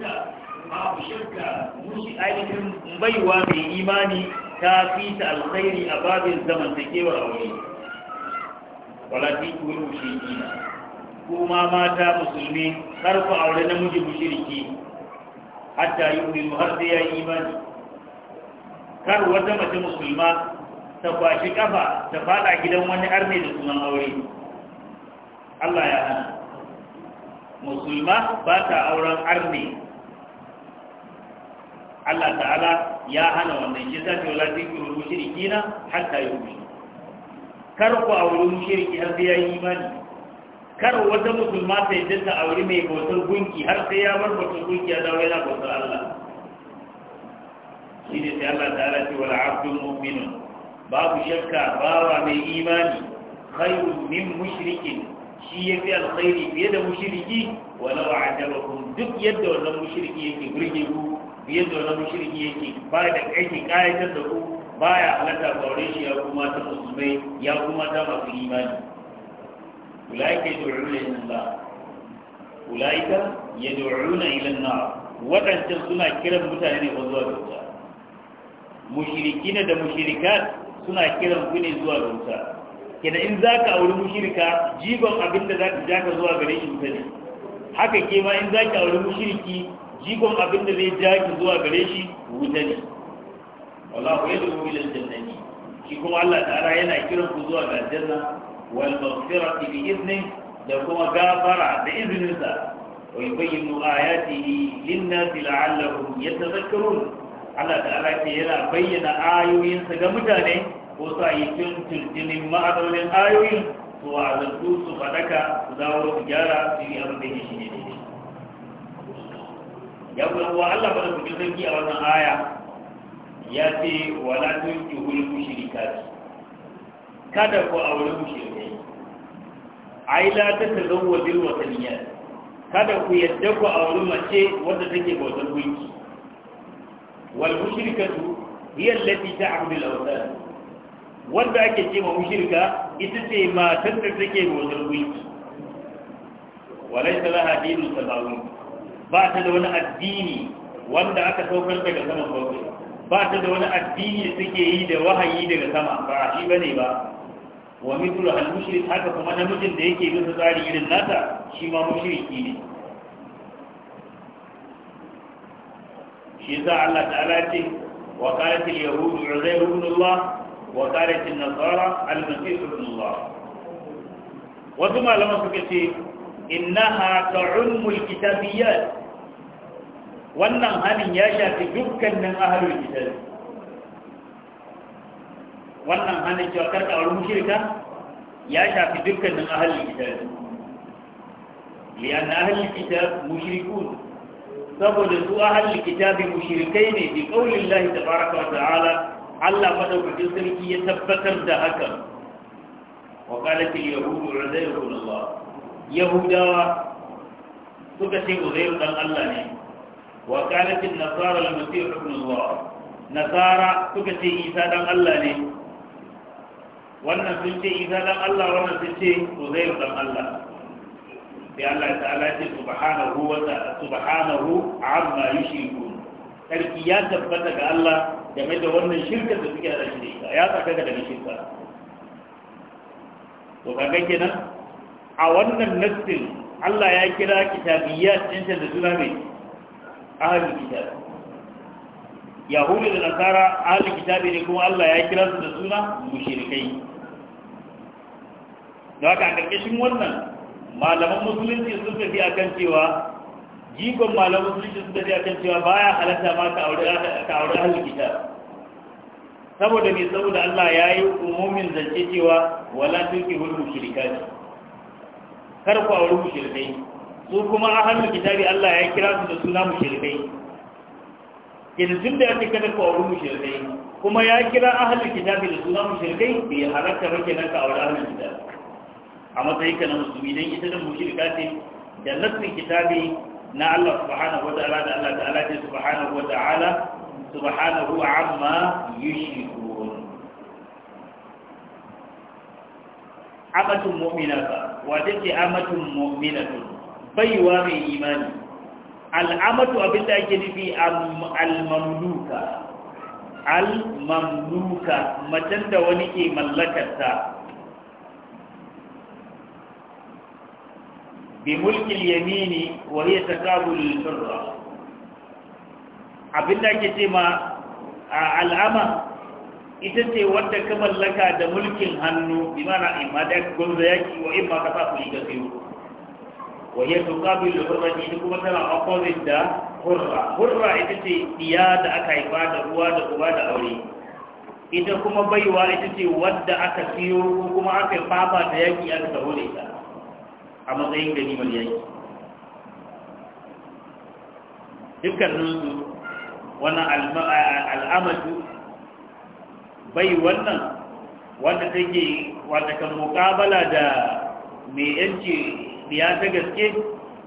ba babu shirka mushi ainihin baiwa mai imani ta fi ta alkhairi a babin a aure wala kuwa kuwar mushrikina kuma mata musulmi kar ku aure namiji mushriki hatta yu'minu har sai ya imani kar wata mace musulma ta kwashi kafa ta fada gidan wani arne da sunan aure Allah ya hana musulma ba ta auren arne Allah ta'ala ya hana wannan shi ta ce wala zikru mushrikina hatta yu'minu kar ku auri mushriki har sai ya yi imani kar wata musulma ta yi ta auri mai bautar gunki har sai ya bar bautar gunki ya dawo yana bautar Allah shi ne sai Allah ta'ala ce wala abdul mu'minun babu shakka bawa mai imani khairun min mushrikin shi ya fi alkhairi fiye da mushriki walau ajabakum duk yadda wannan mushriki yake burge ku ya zo na mushriki yake ba da kai kayatar da ku baya halatta gaure shi ya kuma ta musulmai ya kuma ta masu imani ulaika yad'una ila Allah ulaika yad'una ila an-nar Waɗancan suna kiran mutane ne zuwa ga wuta mushrikin da mushrikat suna kiran ku ne zuwa ga kina in zaka auri mushrika jiban abinda zaka jaka zuwa gare shi mutane haka ke ma in ka auri mushriki Jikon abin da zai ja ki zuwa gare shi wuta ne wallahu yad'u ila al-jannati shi kuma Allah ta'ala yana kiran ku zuwa ga aljanna wal maghfirati bi idni da kuma gafara da izinin sa wa yubayyinu ayatihi lin-nasi la'allahum yatadhakkarun Allah ta'ala ce yana bayyana ayoyinsa ga mutane ko sa yi kin tiltinin ma'adalin ayoyin to a zantu su fadaka su dawo su gyara su yi abin da yake shi ne ya kuma wa ba bada kuɗin sarki a wannan aya ya ce wala tunki hul mushrikati kada ku aure mushrikai ai la ta tazawwajil wataniyat kada ku yadda ku aure mace wadda take bautar gunki wal mushrikatu hiya allati ta'budu al awthan wanda ake cewa mushrika ita ce matar da take bautar gunki walaysa laha dinun sabawi ba ta da wani addini wanda aka saukar daga saman bakwai ba ta da wani addini da suke yi da wahayi daga sama ba a shi ba ne ba wa mithlu al mushrik haka kuma namijin da yake bisa tsari irin nata shi ma mushriki ne shi yasa Allah ta'ala ce wa qalat al yahud uzair ibn Allah wa qalat an nasara al masih ibn Allah wasu malaman suka ce innaha ta'ummu al kitabiyyat wannan halin ya shafi dukkanin ahalul kitab wannan hannun cewa karka aure mushrika ya shafi dukkanin ahalul kitab liyan ahalul kitab mushrikun saboda su ahalul kitab mushrikai ne bi qaulin Allah tabaraka wa ta'ala Allah madaukakin sarki ya tabbatar da haka wa qalat al-yahudu uzairu Allah yahudawa suka ce uzairu dan Allah ne wa qalatin nasara al-masih ibn Allah nasara suka ce Isa dan Allah ne wannan sun ce Isa dan Allah wannan sun ce Uzair dan Allah sai Allah ta'ala ce subhanahu wa ta'ala subhanahu amma yushrikun sarki ya tabbata ga Allah game da wannan shirka ya daga shirka a wannan nassin Allah ya kira kitabiyya din da suna mai ahli kitab yahudi da nasara ahli kitab ne kuma Allah ya kira su da suna mushrikai da haka a karkashin wannan malaman musulunci sun tafi akan cewa jikon malaman musulunci sun tafi akan cewa baya halatta ma ka aure ka aure kitab saboda mai saboda Allah ya yi umumin zance cewa wala tuqihul mushrikati kar ku aure mushrikai su kuma ahlul kitabi Allah ya kira su da suna mushrikai yanzu da yake kada ka aure mushrikai kuma ya kira ahlul kitabi da suna mushrikai bai halarta ba kenan ka aure ahlul kitabi a matsayin ka na musulmi dan ita da mushrika ce da nassin kitabi na Allah subhanahu wata'ala da Allah ta'ala ce subhanahu wata'ala subhanahu amma yushrikun amatun mu'minata wa take amatun mu'minatun baiwa mai imani al'amatu abin da ake nufi al-mamluka al-mamluka macen da wani ke mallakarta bi mulkin yamini ya ta takabul turra abin da ake ce ma al'ama ita ce wadda ka mallaka da mulkin hannu bi mana imma da gwamnati yaki wa imma ka sa ku yi gaskiyo وهي تقابل الحرة دي kuma tana opposite da hurra hurra ita ce iya da aka haifa da ruwa da uba da aure ita kuma baiwa ita ce wadda aka siyo ko kuma aka fafa ta yaki aka taho da ta a matsayin ganimar yaki Dukkan su wannan al'amadu bai wannan wanda take wanda kan mukabala da mai yanci ya ta gaske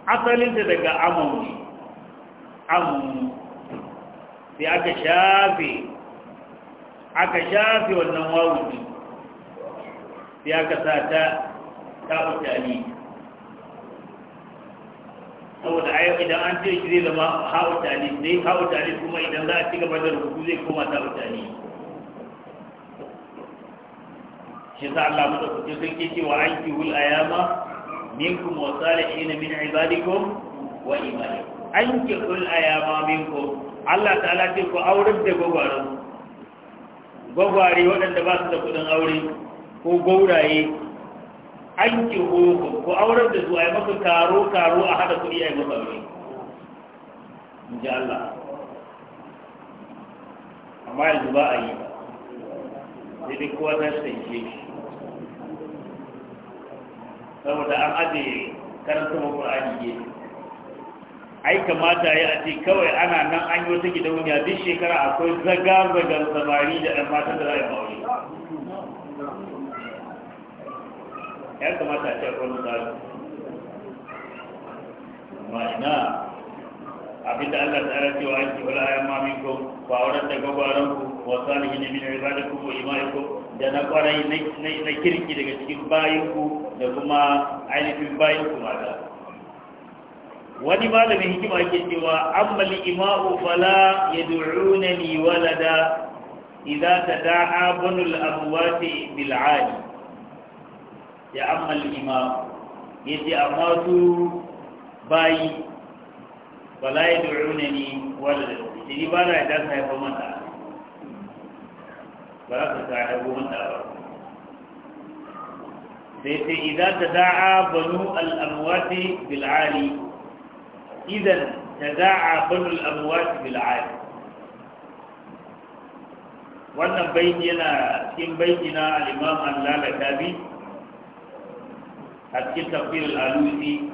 asalinta daga amon amon sai aka shafe aka shafe wannan wawuci sai aka sa ta ta'utani saboda ayo idan an ce shi zai zama ha'utani sai ha'utani kuma idan za a ci gaba da rubutu zai koma ta'utani shi sa Allah mata kuce sun ke cewa an kihul ayama منكم والصالحين من عبادكم وإيمانكم أنكحوا الأيام منكم الله تعالى تلك أورد غوار غواري وأن باس تكون أوري ko gauraye an ki hoko ko da su a yi maka karo karo a hada kuɗi a yi maka aure in Allah amma yanzu ba a yi ba sai dai kowa ta shi saboda an aje karanta ma qur'ani ne ai kamata ya a ce kawai ana nan an yi wata gidauniya duk shekara akwai zagazagan samari da ɗan matan da za a yi mauri ya kamata a ce akwai misali amma ina abinda Allah ta rafi wa ake wala ya mamin ko ba wurin da gwagwaran ku wa ne min ibadikum wa imaikum da na kwarai na kirki daga cikin bayinku da kuma ainihin bayinku mata wani malamin hikima yake cewa ammal ima'u fala yad'unani walada idza tada'a bunul abwati bil 'ali ya ammal imam yace amma su bayi fala yad'unani walada shi ba na da sai fa mata ba za su sa ɗago mata ba sai sai idan ta da'a banu al'amwati bil'ali idan ta da'a banu al'amwati bil'ali wannan baiti yana cikin baiti na al'imam allala tabi a cikin tafiyar al'alusi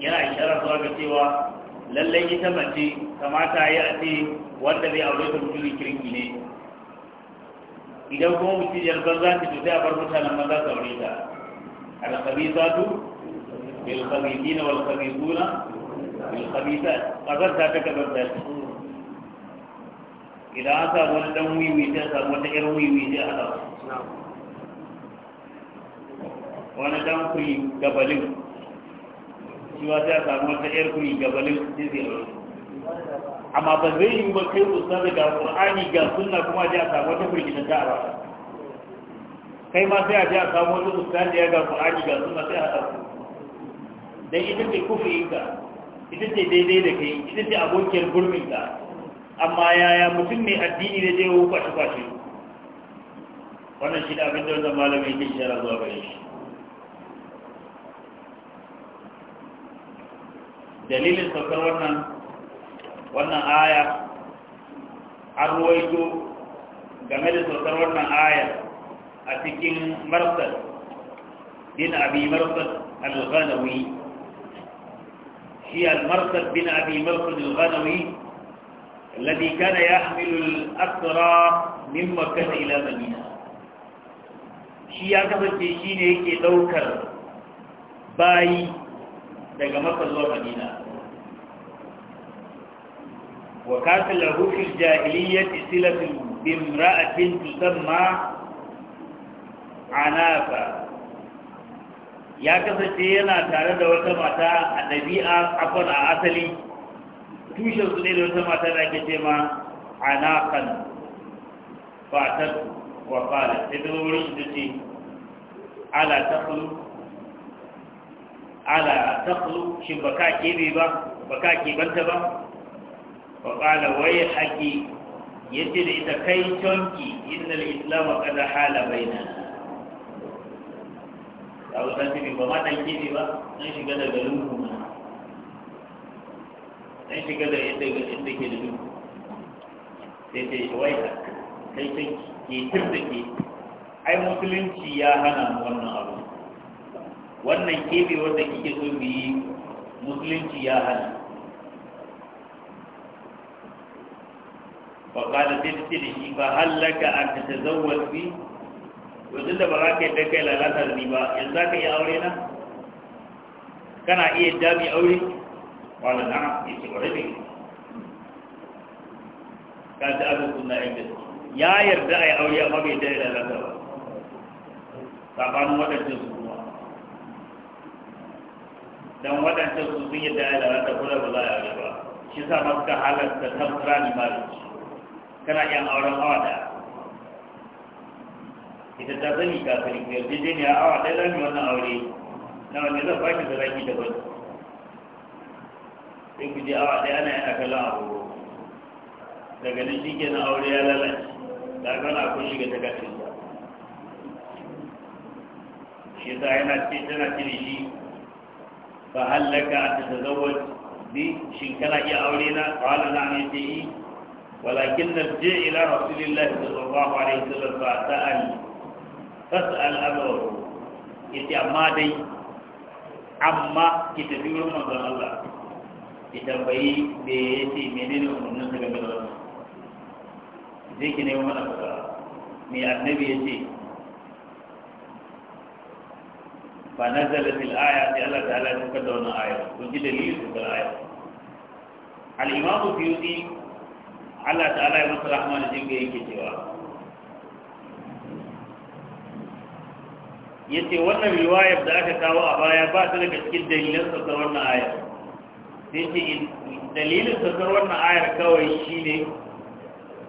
yana isharar zuwa ga cewa lallai ita mace kamata ya ce wanda zai aure ta mutumin kirki ne idan kuma mutum ya za ta tuta a bar mutanen maza su aure ta al-khabithatu bil khabithina wal khabithuna bil khabithat kazar ta ta kasar ta idan an samu wani dan wiwi sai a samu wata yar wiwi sai a haɗa wani dan kuri gabalin shi ma sai a samu wata yar kuri gabanin sai zai aure amma ba zai yi ba kai ustaz ga qur'ani ga sunna kuma sai a samu wata firgita ta ba kai ma sai a ji a samu wata ustaz da ya ga qur'ani ga sunna sai a haɗa dan ita ce inka, ita ce daidai da kai ita ce abokiyar gurminka amma yaya mutum mai addini da zai wuka shi kwashe wannan shi da abin da wannan malamin yake shara zuwa gare shi dalilin saukar wannan wannan aya an ruwaito game da saukar wannan aya a cikin marsal bin abi marsal al-ghanawi shi al-marsal bin abi marsal al-ghanawi الذي كان يحمل الأسرى من مكة إلى مدينة shi ya kasance shi ne yake ɗaukar bayi daga maka zuwa madina wa kasa lahu fi jahiliyyati silatu bi imra'atin tusamma anafa ya kasance yana tare da wata mata a ɗabi'a afon a asali tushen su ne da wata mata da ake ce ma anafan fatar wa fara sai ta wurin su ce ala ta ala taqlu shin baka kebe ba baka kebanta ba wa qala wai haqi yace da ita kai tonki innal islam qad hala bainana abu ta ce ba ma dan kebe ba dan shiga daga lungu dan shiga da yadda ga inda ke da lungu sai dai wai kai tonki ke tirda ke ai musulunci ya hana mu wannan abu wannan kebe wanda kike so mu yi musulunci ya hana fa qala tabti da shi fa halaka an tatazawwaj bi wajen da ba za ka yi daga lalata da ni ba yanzu za ka yi aure na kana iya dami aure wala na ya ce wa rabe ka ta abin kunna yan gaske ya yarda a yi aure lalata ba dan waɗancan su sun yi ya da ko da ba za a yi ba shi sa ma suka halarta temporary marriage kana yan auren awa da ita ta zani sani ne a awa ɗaya zami wannan aure na wanda zan fashi da zaki da wani sai ku je awa ɗaya ana yana kallon abu daga nan shi kenan aure ya lalace da gana akwai shiga ta kashin shi sa yana cikin tana cire shi فهل لك أن تتزوج بي كان يا أولينا قال نعم يتي ولكن ارجع إلى رسول الله صلى الله عليه وسلم فسأل فاسأل أمره يتي أما دي أما كتبير من الله kitambayi da ya ce menene umarnin su game da wannan zai ki nemo mana fasa mai fa nazalat al-aya sai Allah ta'ala ya saukar da wannan aya kun ji dalilin da aya al-imam Suyuti Allah ta'ala ya masa rahama da jinga yake cewa yace wannan riwayar da aka kawo a baya ba ta daga cikin dalilan saukar wannan ayar sai ce dalilin saukar wannan ayar kawai shi shine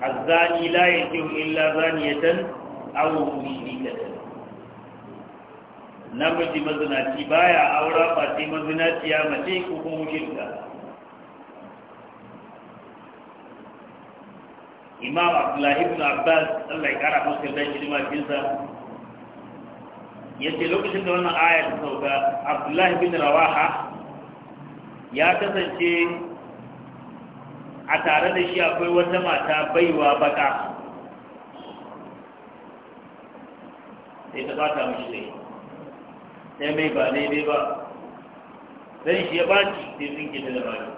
azzani la yatiu illa zaniyatan aw mushrikatan namiji mazinaci baya aura mazinaci ya mace ko kuma mushirka imam abdullahi ibn abbas Allah ya kara musu da shi limakin sa yace lokacin da wannan aya ta sauka abdullahi ibn rawaha ya kasance a tare da shi akwai wata mata baiwa baka sai ta bata mishi sai mai ba daidai ba sai shi ya baci sai sun gida da mari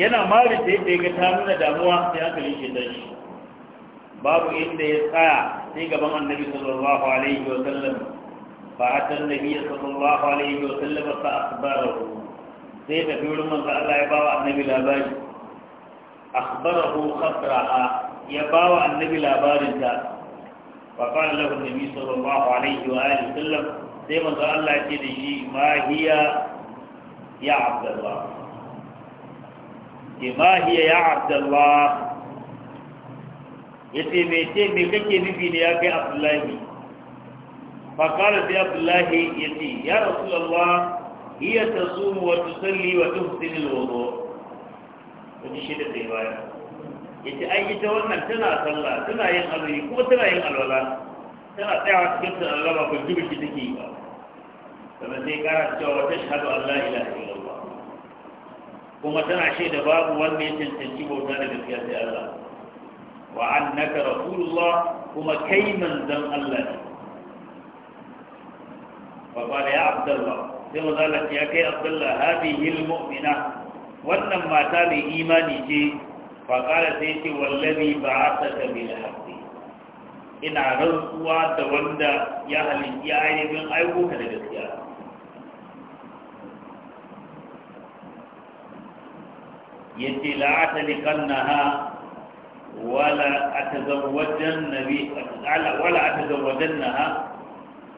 yana mari sai da ga ta nuna damuwa sai hankalin shi dan shi babu inda ya tsaya sai gaban annabi sallallahu alaihi wa sallam fa atan nabi sallallahu alaihi wa sallam sa akhbarahu sai da wurin manzo Allah ya bawa annabi labari akhbarahu khatraha ya bawa annabi labarin ta فقال له النبي صلى الله عليه وآله وسلم سيما قال الله كده ما هي يا عبد الله ما هي يا عبد الله yace me ce me kake nufi ne ya kai abdullahi fa qala bi abdullahi yace ya rasulullah hiya tasum wa tusalli wa wani shi da baya yace ai ita wannan tana sallah tana yin azumi kuma tana yin alwala tana tsayawa cikin ta Allah ba ku jibi shi take yi ba sannan sai kara cewa ta shahadu Allah ilaha illallah kuma tana shaida babu wanda ya cancanci bauta da gaskiya sai Allah wa annaka rasulullah kuma kai manzon Allah ne fa qala ya abdullah sai manzo ya kai abdullah hadihi almu'mina wannan mata mai imani ce فقال سيتي والذي بعثك بالحق ان عرضت وعد وند يا اهل يا اهل من ايكو كذا يا أيوه يتي لا تلقنها ولا اتزوجن النبي قال ولا اتزوجنها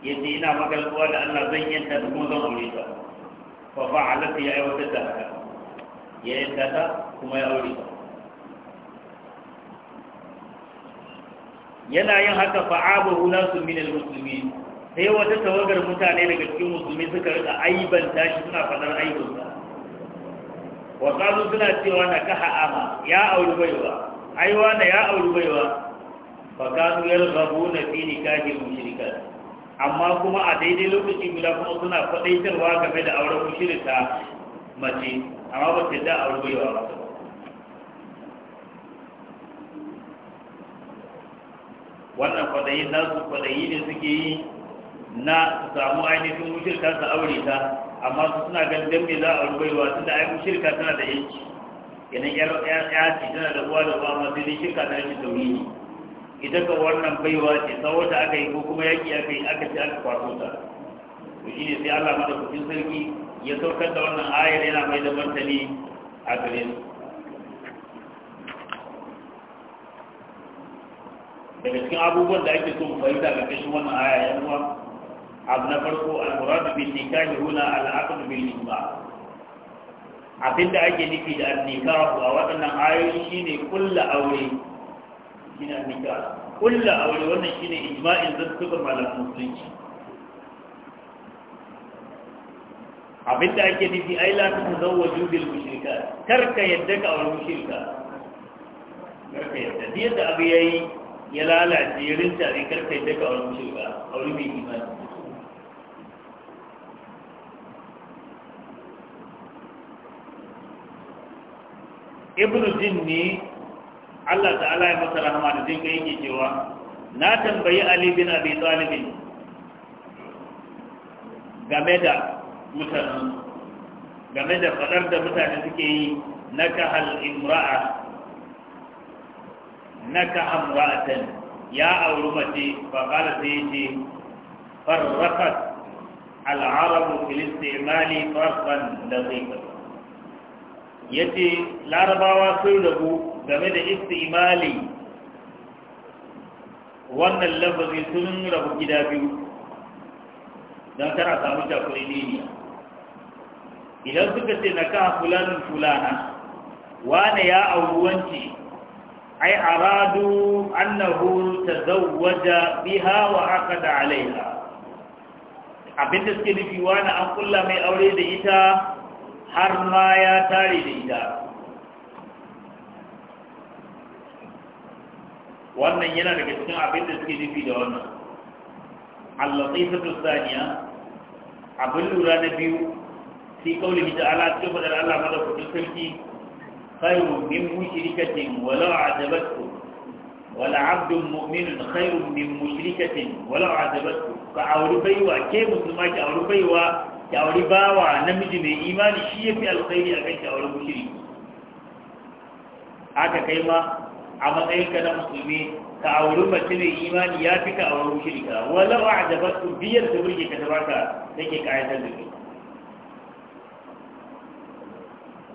يتي انا ما قال هو ان زين تدمون ذلك ففعلت يا ايوتها يا انت كما yana yin haka fa'abahu nasu min al-muslimin sai wata tawagar mutane daga cikin musulmi suka rika aibanta shi suna fadar aibinsa wa suna cewa na ka ha’ama ya auri baiwa aiwa na ya auri baiwa fa kanu rabu na fi nikahi mushrikat amma kuma a daidai lokacin guda kuma suna faɗaitarwa game da auren mushrika mace amma ba ta da auri baiwa ba wannan kwadayi nasu kwadayi ne suke yi na su samu ainihin mushirka su aure ta amma su suna ganin don me za a rubaiwa su da ai mushirka tana da yanki idan yar ya ce tana da uwa da uwa amma sai dai shirka ta yanci ne ita ka wannan baiwa ce saboda aka yi ko kuma yaki aka yi aka ce aka kwato ta to shine sai Allah madaukakin sarki ya saukar da wannan ayar yana mai da martani a gare su daga cikin abubuwan da ake so mu fahimta ga kashin wannan aya yan uwa abu na farko al-muradu bin nikahi huna al-aqd bil ijma' abinda ake nufi da annikahu a waɗannan ayoyi shine kulla aure shine annika kulla aure wannan shine ijma'in zantukan malamin musulunci abinda ake nufi ai la ta zawwaju bil mushrika karka yadda ka aure mushrika karka yadda da abu yayi ya lalace ya rinta ne karka yi daga wani wuce a wani mai imani jin ne Allah ta'ala ya masa rahama da zai yake cewa na tambayi Ali bin Abi Talib game da mutanen game da fadar da mutane suke yi na kahal imra'a naka amra'atan ya auri mace fa qala sai yace farraqat al'arabu fil istimali farqan daqiqan yace larabawa sun rabu game da istimali wannan lafazi sun rabu gida biyu don tana samu shafin liniya idan suka ce na ka fulanin fulana wane ya auri wance ai aradu annahu tazawwaja biha wa aqada alaiha da suke nufi wani an kulla mai aure da ita har ma ya tare da ita wannan yana daga cikin abin da suke nufi da wannan al-latifatu thaniya abin lura na biyu fi qawlihi ta'ala cikin fadar Allah kudin sarki خير من مشركة ولو عجبته ولعبد مؤمن خير من مشركة ولو عجبته فأولي بيوة كيف مسلمة كأولي بيوة كأولي باوة نمج من إيمان الشيء في الخير أكيد كأولي مشرك haka kai ma a matsayinka na musulmi ka auri mace mai imani ya fi ka auri mushrika walau a jabattu biyar da burge ka da baka take kayatar da kai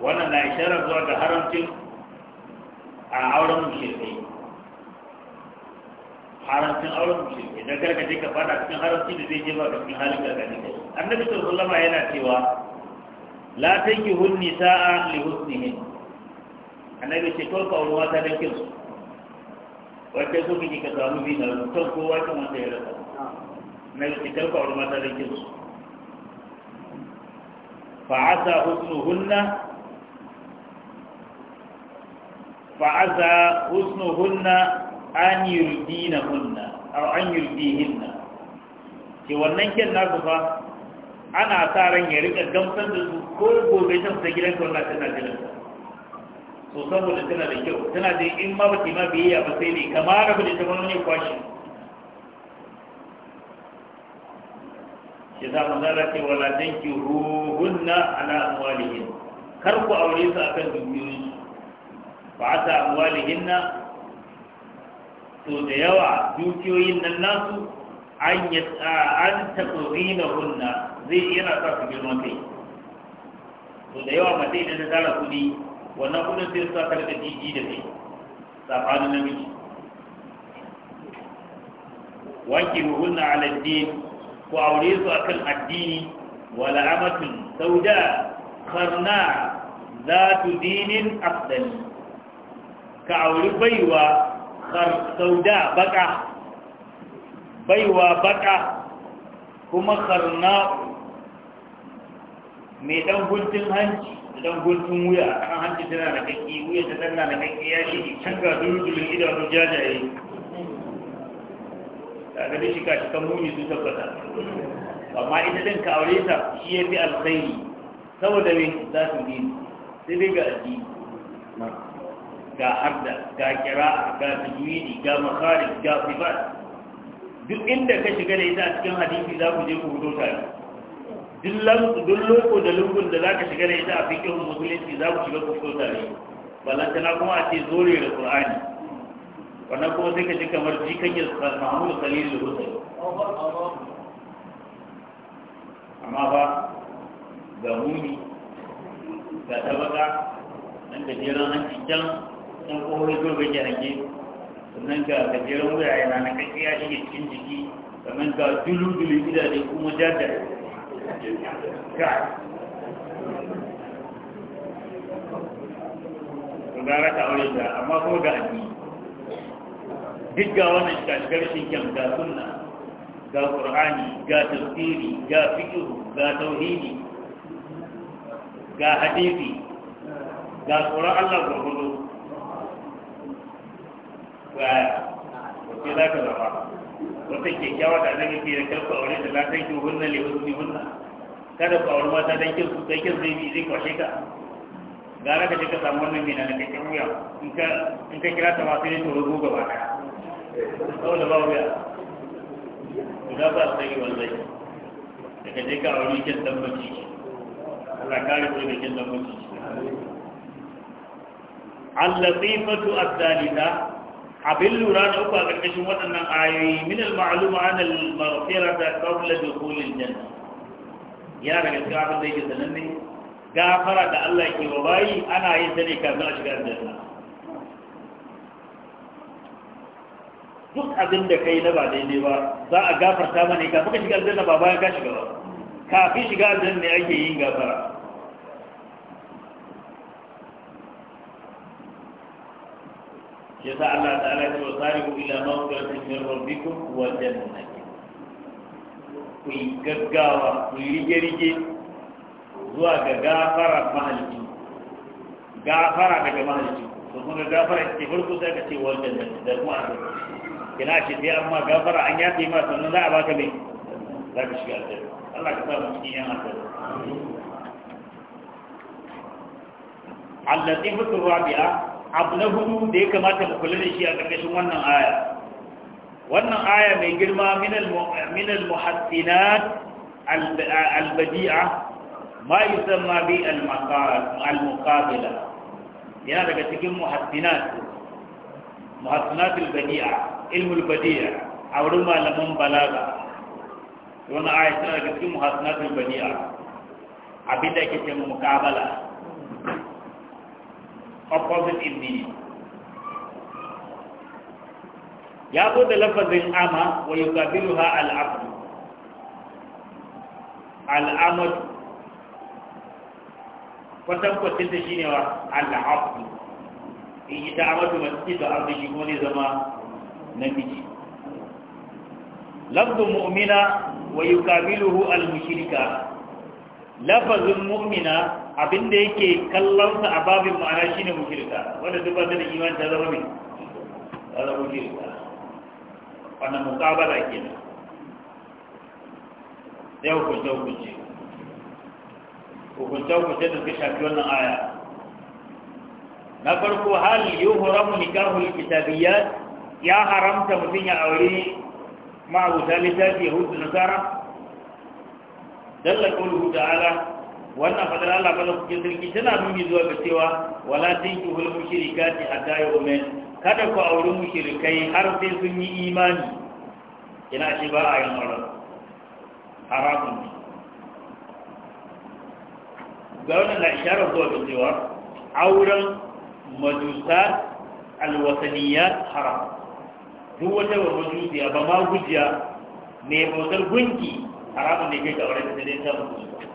wannan na ishara zuwa ga haramcin a auren mushirkai haramcin auren mushirkai don karka je ka fada cikin haramcin da zai je ba cikin halin gargadi kai annabi sallallahu yana cewa la tankihu nisaa li husnihin annabi ce ko ka auri mata don kinsu wacce so kike ka samu bi na rubutun ko wacce wanda ya rasa annabi ce kar ka auri mata don kinsu fa'asa asa husnuhunna fa'aza hunna an hunna aw an yurdihinna ke wannan kyan su fa ana sa ran ya rika gamsar da su ko gobe ta fita gidan ka wallahi tana jinin so saboda tana da kyau tana da in ma ba ma biyayya ba sai ne kamar rabu da ta wani kwashi ke za da zara ce wala danki ruhunna ala amwalihin kar ku aure su akan dukiyoyinsu ba ta amwalihin na to da yawa dukiyoyin nan nasu an yi an taɓa na hunna zai yana sa su girman kai to da yawa mace idan ta tara kuɗi wannan kuɗin sai su sa ta rika jiji da kai safanin namiji wanki hunna ala din ku aure su akan addini wala amatun sauda karna tu dinin أفضل ka auri baiwa sauda baka baiwa baka kuma karna mai dan guntun hanci dan guntun wuya a kan hanci tana da kaki wuya ta tana da kaki ya shi can ga durutulun idanu jajaye ta gani shi ka shi kan muni su tabbata amma ita din ka aure ta shi ya fi alkhairi saboda me za su bi sai dai ga addini ga harda ga Kira, ga tajwidi ga makharij ga sifat duk inda ka shiga da ita a cikin hadisi za ku je ku hudo ta duk loko da lungun da za ka shiga da ita a fikin musulunci za ku shiga ku hudo ta tana kuma a ce zore da qur'ani wannan kuma sai ka ji kamar jikanyar mahmud khalil hussein amma ba ga muni ga tabaka nan da jeran hanci can sun kohori gurbin yanki sannan ga gajeren wurare na nakaki ya shige cikin jiki sannan ga duludulun gidaje kuma jadda ka gara ta aure da amma ko ga addini duk ga wannan shigar shinken ga sunna ga ƙur'ani ga tafsiri ga fikiru ga tauhidi ga hadisi ga tsoron allah gwargwado yaya za ka zama wata kyakkyawa da annabi ke da karku aure da latan ki hunna li husni hunna kada ku aure mata dan kin su kai kin zai bi zai kwashe ka gara ka je ka samu wannan mina na kake wuya in ka in ka kira ta ma sai ta rubu gaba ka saboda ba wuya guda ba sai wallahi daga je ka aure kin dan mace Allah kare ku da kin dan mace al-latifatu al-thalitha abin lura na uku a ƙarƙashin waɗannan ayoyi min al-ma'lum an al-maghfira da qabla dukhul al-janna ya daga cikin abin da yake sananne gafara da Allah ke wa bayi ana yin ta ne kafin a shiga aljanna duk abin da kai na ba daidai ba za a gafarta mana kafin ka shiga aljanna ba bayan ka shiga ba kafin shiga aljanna ne ake yin gafara جزاء الله تعالى وسارعوا إلى مغفرة من ربكم وجنة في غغاوة في رجرجة زوا غغافرة مهلتي غافرة لك مهلتي فهنا غافرة تفرق ذلك تقول جنة ذلك كناش في أما غافرة أن يأتي ما سنة لا أباك بي لا بشكال ذلك الله كتابه مكتين يا مهلتي على التي فتر abu na hudu da ya kamata mu kula da shi a ƙarƙashin wannan aya wannan aya mai girma minal muhassinat albadi'a ma yusamma bi al-muqabila yana daga cikin muhassinat muhassinat albadi'a ilmul badi'a a wurin malaman balaga wannan aya tana daga cikin muhassinat albadi'a abinda ake ce muqabala opposite in meaning ya zo da ama wa yuqabiluha al-abd al-amad kwatan kwatan da wa al-abd in yi ta amadu masjid ko zama namiji lafazin mu'mina abin da yake kallonsa a babin ma'ana shine mushirka wanda duk ba da imani ta zama mai ta zama mushirka wannan muqabala kenan sai hukunce hukunce hukunce hukunce da suka shafi wannan aya na farko hal yuhramu nikahul kitabiyyat ya haramta mutum ya aure ma'abuta littafi yahudu nasara dalla kullu ta'ala wannan fadar Allah ba kuke sarki tana nuni zuwa ga cewa wala tanki hul mushrikati hatta mai. kada ku auri mushrikai har sai sun yi imani ina shi ba a yin auren haramun ga wannan na isharar zuwa ga cewa auren majusa alwataniya haram duk wata wa majusiya ba ma gujiya mai bautar gunki haramun ne kai ga wani da dai ta mutu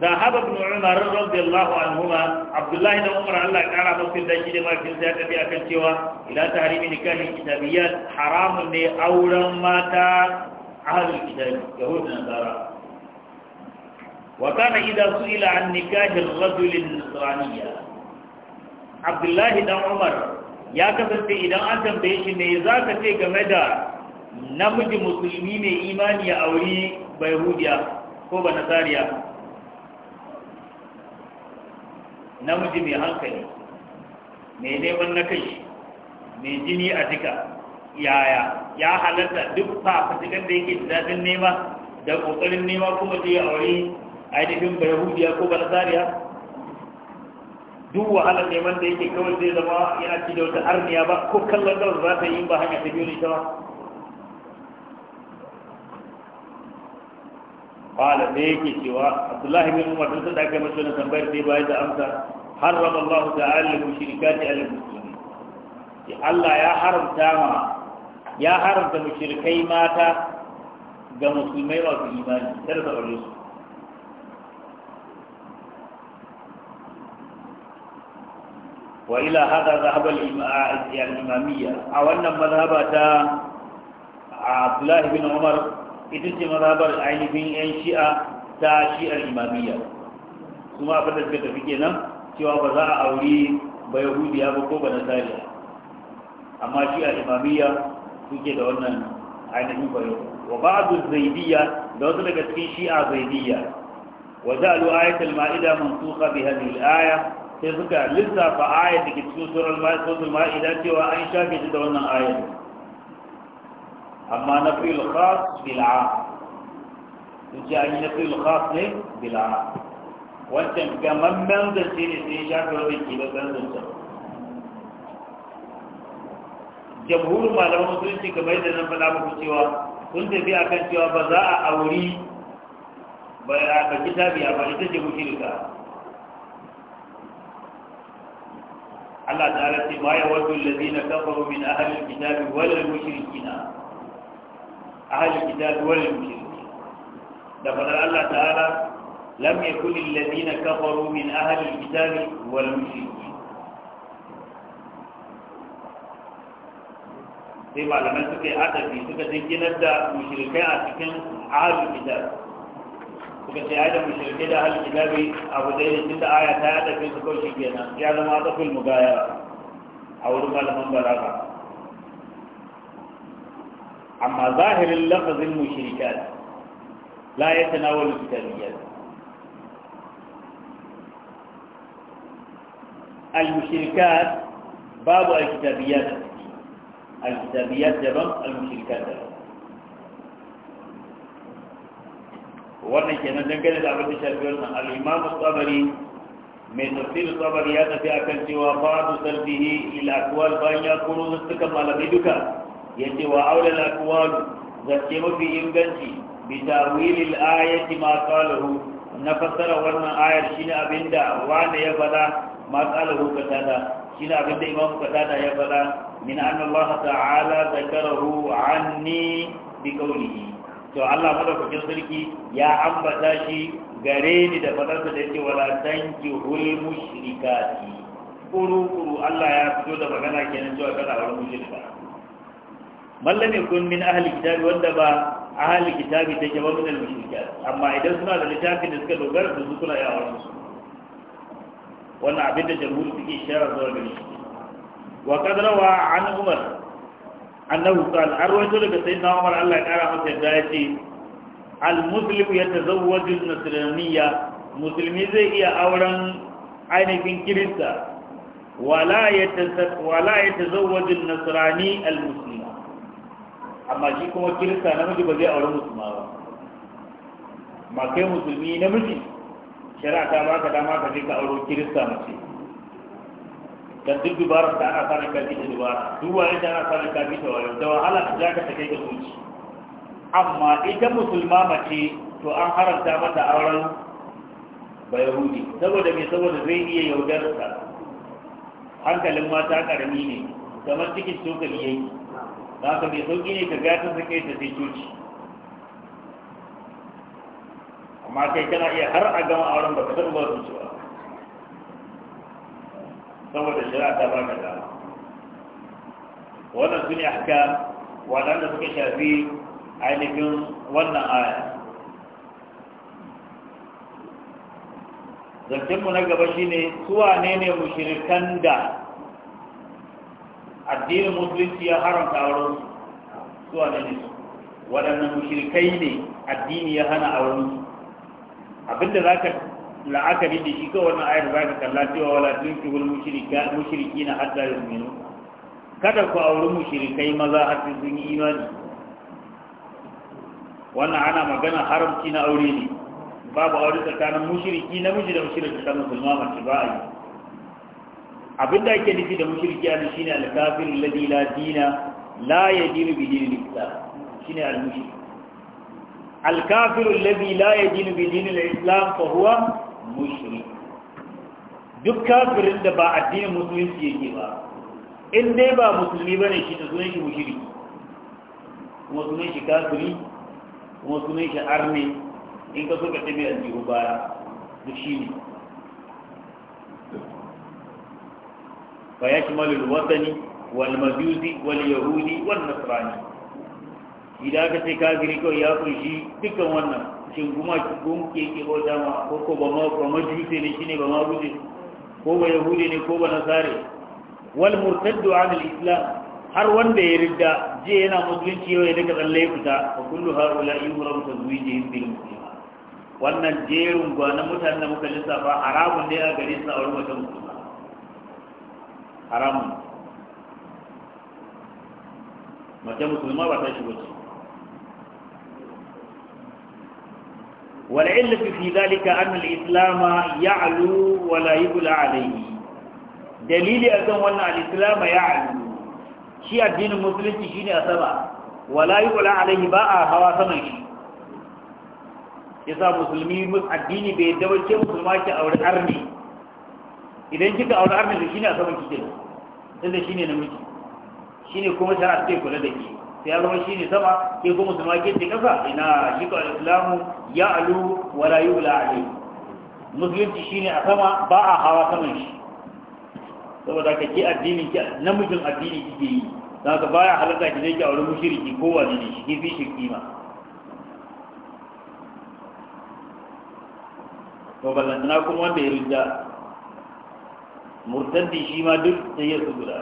ذهب ابن عمر رضي الله عنهما عبد الله بن عمر الله قال da دشي da mafin da tabi akan cewa ila tahrimi nikahi kitabiyat haramun ne auren mata ahlul kitab yahud da nasara wa kana idza ila an nikahi ar-rajul an-nasraniyya dan Umar ya kasance idan an tambaye shi ne zaka ce game da namiji musulmi mai imani ya auri bayahudiya ko ba banasariya namiji mai hankali mai neman na kai mai jini a jika yaya ya halatta duk fafatikan da yake daɗin nema da ƙoƙarin nema kuma zai aure ainihin bayahudiya ko balasariya duk wahalar neman da yake kawai zai zama yana ci da wata arniya ba ko kallon gabas za ta yi ba hanyar ta biyu ne ta ba قال ليك سوى عبد الله بن عمر رضي الله عنه مسؤول عن بيت ابي امتى حرم الله تعالى المشركات على المسلمين يا الله يا حرم تاما يا حرم المشركين ماتا ga musulmai ba في imani kada ta وإلى هذا ذهب ila hada zahaba al-imamiyya a wannan mazhaba ta abdullahi ita ce mazhabar ainihin yan shi'a ta shi'ar imamiyya kuma abin da suka tafi kenan cewa ba za a auri ba yahudiya ba ko ba nasariya amma shi'ar imamiyya suke da wannan ainihin bayo wa ba'du zaidiyya da wasu daga cikin shi'a zaidiyya wa ja'alu ayatul ma'ida mansukha bi hadhihi al-aya sai suka lissafa ayat da ke cikin surar ma'ida cewa an shafe ta da wannan ayat اما نفی الخاص بلا دوسری نفی الخاص ہے بلا وچن کم من د سین سے اشارہ کرو کہ یہ بدل دے چلو جمهور مالو مسلم کی کمائی دے نام بلاو کو سیوا کون دے بیا کر سیوا بزا اوری بیا کا کتاب یا بلد جو کی لگا اللہ تعالی سے ما یود الذین کفروا من اهل الكتاب ولا المشركين أهل الكتاب المشركين. لقد الله تعالى لم يكن الذين كفروا من أهل الكتاب والمشركين في معلمة سكي عدد في سكة زنجينة دا أتكن أهل الكتاب سكتي آية مشركين أهل الكتاب أبو دين سنة آية تاعدة في سكوشي كينا يعلم أعطف المقايرة أو رمال من براغا أما ظاهر اللفظ المشركات لا يتناول الكتابيات المشركات باب الكتابيات الكتابيات جبن المشركات جبن وانا كنا نقل إذا عبد الشافيون الإمام الطبري من تفسير الطبري هذا في أكل سوى بعض سلبه إلى أقوال بأن يقولوا ذستك ما لم yace wa aulal aqwalu zake mafi inganci bi tawilil ayati ma qalahu na fassara wannan ayar shine abinda wanda ya fada ma qalahu katada shine abinda imam katada ya fada min anna Allah ta'ala zakarahu anni bi qawlihi to Allah madaukakin sarki ya ambata shi gare ni da fadar da yake wala tanki hul mushrikati kuru kuru Allah ya fito da magana kenan cewa kada wani mushrika mallam yakun min ahli kitabi wanda ba ahli kitabi take ba min al-mushrikat amma idan suna da littafin da suka dogara da su ya yawa su wannan abin da jamhur suke ishara zuwa gare shi wa qad rawa an umar annahu qala arwaytu daga sayyidina umar Allah ya kara masa yadda yace al-muslimu yatazawwaju an-nasraniyya musulmi zai iya auren ainihin kirista wala ya tazawwajin nasrani al-muslima amma shi kuma kirista namiji ba zai aure musulma ba ma kai musulmi namiji shari'a ta baka dama ka je ka aure kirista mace dan duk dubara ta ana fara kafi ta dubara duk waye ta ana fara kafi da waye da wahala da ka ta kai ga zuci amma ita musulma mace to an haramta mata auren bayahudi saboda me saboda zai iya yaudarsa hankalin mata karami ne kamar cikin cokali yayi ba ka mai sauƙi ne ka gata su kai ta sai coci amma kai kana iya har a gama auren ba ka taɓa ba su cewa. saboda shari'a ta ba ka dama wannan su ne haka waɗanda suka shafi ainihin wannan aya zancenmu na gaba shine suwa ne ne mushirikan da addinin musulunci ya haramta auren su su a nan su waɗannan mushrikai ne addini ya hana auren su abinda za ka la'akari da shi kawai wannan ayar za ka kalla cewa wala tunkihul mushiriki na da zumino kada ku auri mushirikai maza har sai sun yi imani wannan ana magana haramci na aure ne babu aure tsakanin mushriki namiji da mushriki ta musulma mace ba a yi abin da ake nufi da mushriki a shine al-kafir alladhi la dina la yadinu bi dinil islam shine al-mushrik al-kafir alladhi la yadinu bi dinil islam fa huwa mushrik duk kafirin da ba addinin musulunci yake ba in dai ba musulmi bane shi da sunan shi mushriki kuma sunan shi kafiri kuma sunan shi arne in ka so ka tabi aljihu baya duk shine fa yashmalu al-watani wal majusi wal yahudi wani nasrani idan aka ce kafiri kawai ya kunshi dukkan wannan shin kuma gunke ke bauta ma ko ko ba ma ba majusi ne shine ba ma guje ko ba yahudi ne ko ba nasare wal murtaddu an al-islam har wanda ya ridda jiya yana musulunci yau ya daga tsalle ya fita wa kullu haula yuhram tazwijihim bil muslima wannan jerin gwanan mutanen da muka lissafa haramun ne a gare su a wurin wata musulma haramu mace musulma ba ta shigo illa fi fi zalika an al islam ya'lu wa la yubla dalili azan wanna al islam ya'lu shi addinin musulunci shine asaba wala yubla alayhi ba a hawa sama shi yasa musulmi addini bai dawace musulma ki aure arni idan kika aure da shine a saman kike tunda shine namiji shine kuma shara take kula da ke sai ya zama shine sama ke kuma musulma ke ce kasa ina shi ko islamu ya alu la yula alai musulunci shine a sama ba a hawa saman shi saboda ka ke addinin ki namijin addini kike yi za ka baya halaka ki zai ki aure mushriki ko wani ne shi ke fi shi kima to na kuma wanda ya rinda murtaddi shi ma duk sai ya guda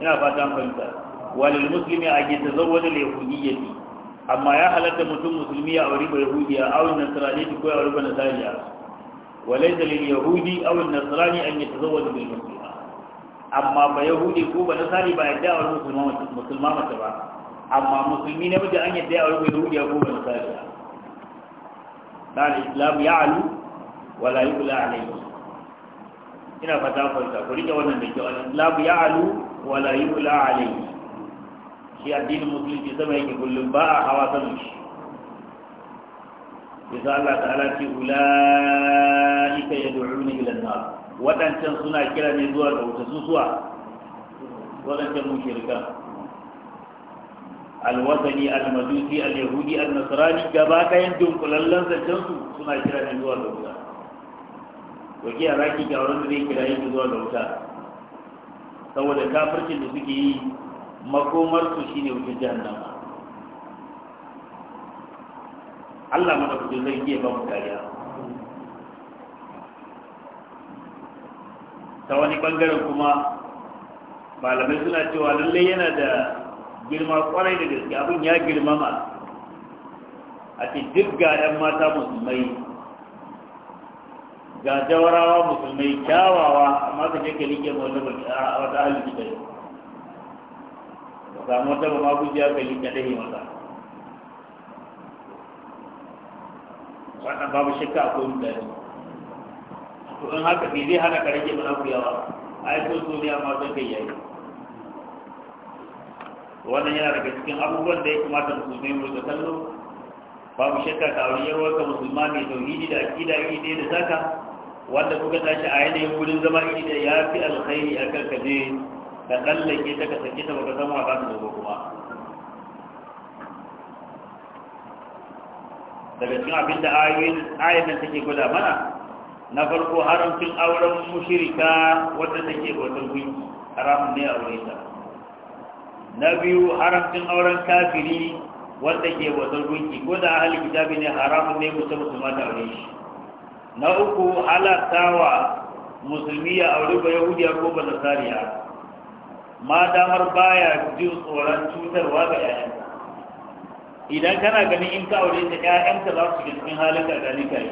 ina fata fahimta walil muslimi a ke tazawwada da yahudiyyati amma ya halatta mutum musulmi ya auri ba yahudiya aw nasrani ko ya auri ba nasariya walaysa lil yahudi a aw nasrani an yatazawwada bil muslima amma ba yahudi ko ba nasari ba yadda auri musulma mace ba amma musulmi ne mutum an yadda auri ba yahudiya ko ba nasariya na al-islam ya'lu wala yi yubla alayhi ina fata kwanta ku rike wannan da kyau labu ya alu wala yi ula alayhi shi addinin musulunci sama yake kullum ba a hawa sanin shi yasa Allah ta'ala ce ulaika yad'una ila an-nar Waɗancan suna kira ne zuwa ga wuta su suwa wadancan mushrikan alwazani almajusi alyahudi annasrani gaba kayan dunkulallan zancen su suna kira ne zuwa ga wuta wakiya za ki ga da zai kira yin zuwa da wuta saboda kafircin da suke yi makomarsu shi ne wutar jahannama Allah mana kudu zai iya ba mu kariya ta wani bangaren kuma malamai suna cewa lallai yana da girma kwarai da gaske abin ya girmama a ce duk ga 'yan mata musulmai ga jawarawa musulmai kyawawa amma ka shekai rike liƙe ma wani baki a wata halin da yi ba samu wata ba ma gujiya rike da yi masa wannan babu shakka a kowin da yau to in haka ne zai hana ka mana kuyawa a yi so so ne amma zan kai yayi wannan yana daga cikin abubuwan da ya kamata musulmai mu da kallo babu shakka ta auriyar wata musulma mai tauhidi da Akida, iri da zaka wanda kuka tashi a yanayin wurin zama iri da ya fi alkhairi a kan kaje da tsallake ta ka sake ta baka zama ba ta kuma daga cikin abin da ayoyin ayan nan take gwada mana na farko haramcin auren mushirika wanda take wata gunki haramun ne a wurin ta na biyu haramcin auren kafiri wanda ke wata gunki ko da ahli kitabi ne haramun ne musamman su mata aure shi na uku halartawa musulmi ya Aure ba yahudiya ko ba tsariya. ma damar baya jin tsoron cutarwa ga yayansa idan kana ganin in ka aure ta 'ya'yanta za su shiga cikin halin gani ka yi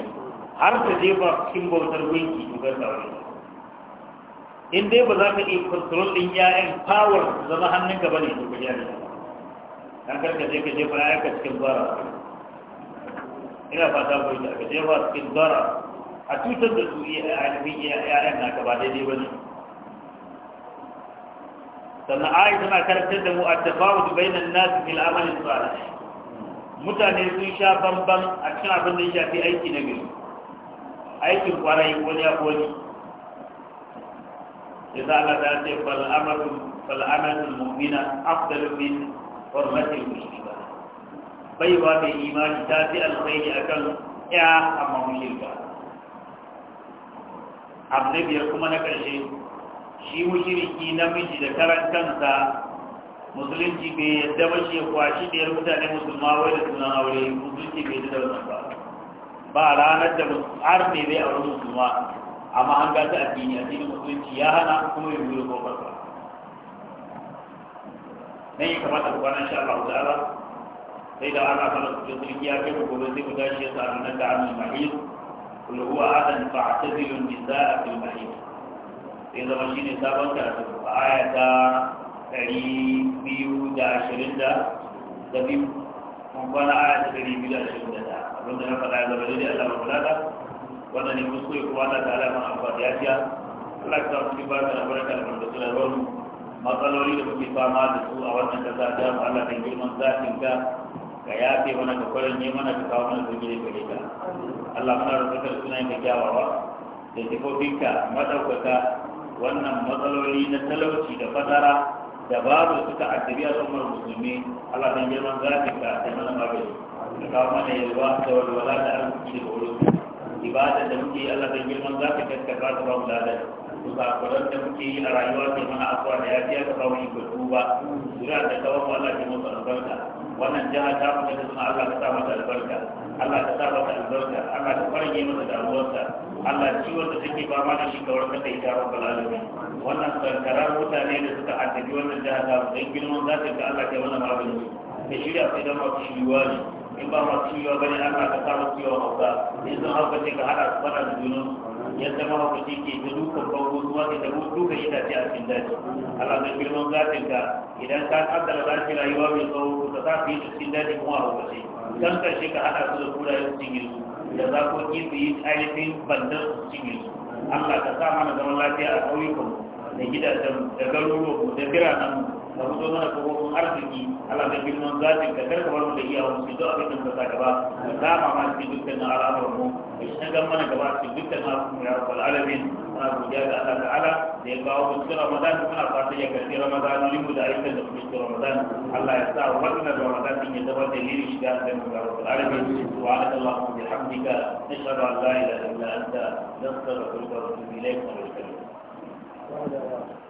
har ta jefa cikin bautar gunki ko da aure in dai ba za ka iya kontrol din yayan power zama hannunka ba ne to ka yi kar karka je ka jefa ka cikin bara ina fata ko ita ka jefa cikin bara a tutar da su iya iya iya'ya'yan na gaba daidai ba ne sannan ayi tana karfin da mu a tafawar bainan nasu fil amalin tsara mutane sun sha bambam a cikin abin da shafi aiki na gari aikin kwarai wani ya kwani ya za a ta ce fal'amalin mummina afdalin hormatin mushi ba baiwa mai imani ta fi alfaini akan ya amma mushi ba abu na biyar kuma na ƙarshe shi mushiriki namiji da karan kansa musulunci bai yadda ba shi ya kwashi ɗayar mutane musulma wai da sunan aure musulunci bai yadda wannan ba ba ranar da har ne zai aure musulma amma an gasa a addini cikin musulunci ya hana kuma bai buɗe kofar ba nan yi kamata ku kwanan sha Allah ta'ala sai da ana kama su kuma ya kai gobe sai ku tashi ya sa nan da amin mahiyyu اللي هو عدم فاعتزلوا النساء في المحيط إذا ما شيء نساء بنكرة آية قريب دا عشرين دا دبيب وكان آية قريب دا آية عشرين دا أبدا نفعل هذا بلدي ألا مفلادا وأنا نمسكو إخوانا تعالى من أفضياتها Allah ta fi ba da barka da barkatular matsaloli da muke fama da su a wannan kasa ta Allah da girman zafin ka ka yafe mana ka kwarin ne mana ka kawo mana zuwa gare ka Allah muna rubuta da sunayen ka kyawawa da sifofinka madaukaka wannan matsaloli na talauci da fatara da babu suka addabi al'ummar musulmi Allah dan girman zafin ka da mana magani ka kawo mana yalwa da walwala da arziki da horo ibada da muke Allah dan girman zafin ka ka kawo ba mu ba kurakuran da muke yi a rayuwa ke mana afuwa da yafiya ka kawo ikon ba sura da kawo Allah ke mu albarka wannan jiha ta kuma da suna Allah ka sa mata albarka Allah ka sa mata albarka Allah ka farge mata damuwarta Allah ciwon da take ba ma da shi kawar ka kai ta rabbal alamin wannan karkarar mutane da suka addabi wannan jiha ta mu dan girman zatin ka Allah kai wannan abin ka shirya sai da masu shiriwa ne in ba masu shiriwa bane Allah ka sa masu yawa hauka in sun hauka ce ka hada su bana da junan yadda ce ke da dukkan bawa kuma ka mu duka shi tafi a cikin daji Allah mai girman zafin ka idan ka kaddara za ki rayuwa mai tsawo ka sa su yi cikin daji kuma a hukace kan karshe ka haɗa su da kurayen cikin su da za ku yi su yi ainihin bandar su cikin su Allah ka sa mana zaman lafiya a ƙauyukan da gidajen da garuruwan da biranen ka fito mana tsoron arziki Allah da girman zatin ka karka bar mu da iyawan su duk abin da ka sa gaba ka kama ma cikin dukkan al'amuran mu ka shigar mana gaba cikin dukkan al'amuran mu ya rabbal alamin muna godiya ga Allah ta'ala da ya kawo mu cikin Ramadan muna fatan ya karbi Ramadan limu da aikin da kuma cikin Ramadan Allah ya sa wannan Ramadan din ya zama dalilin shiga da mu ya rabbal alamin subhanaka allahumma bihamdika nashhadu an la ilaha illa anta nastaghfiruka wa natubu ilayk wa nastaghfiruka